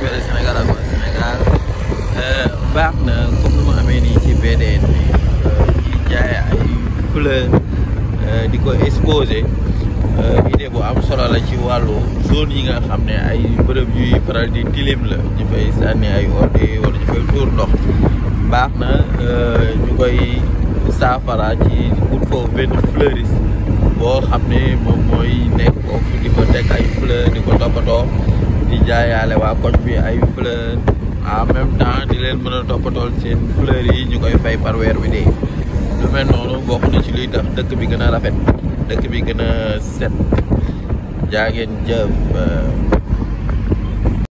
opéré Sénégal ak Sénégal baax eh, na comme nu ma amee nii ci VDN bi jaay ay couleur di ko exposé idée bu am solo la ci wàllu zone yi nga xam ne ay bërëb yuy faral di tilim la ñu fay sànni ay ordures wala ñu fay tuur ndox eh, baax na ñu koy saafara ci ut foofu benn fleuriste boo xam ne moom mooy nekk foofu di ko teg ay fleur di ko toppatoo. di jaayaale waa koñ bi ay fleur en même temps di leen mën a toppatool seen fleur yi ñu koy fay par weer wi dee lu mel noonu bokk na ci luy tax dëkk bi gën a rafet dëkk bi gën a set jaa ngeen jëf